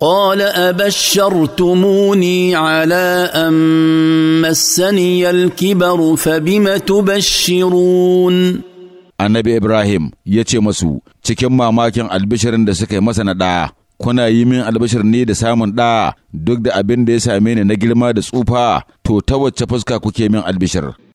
قال ابشرتموني على ان مسني الكبر فبم تبشرون annabi ibrahim ya ce masu cikin mamakin albishirin da suka yi masa na ɗa kuna yi min albishir ne da samun ɗa duk da abin da ya same ni na girma da tsufa to ta wacce fuska kuke min albishir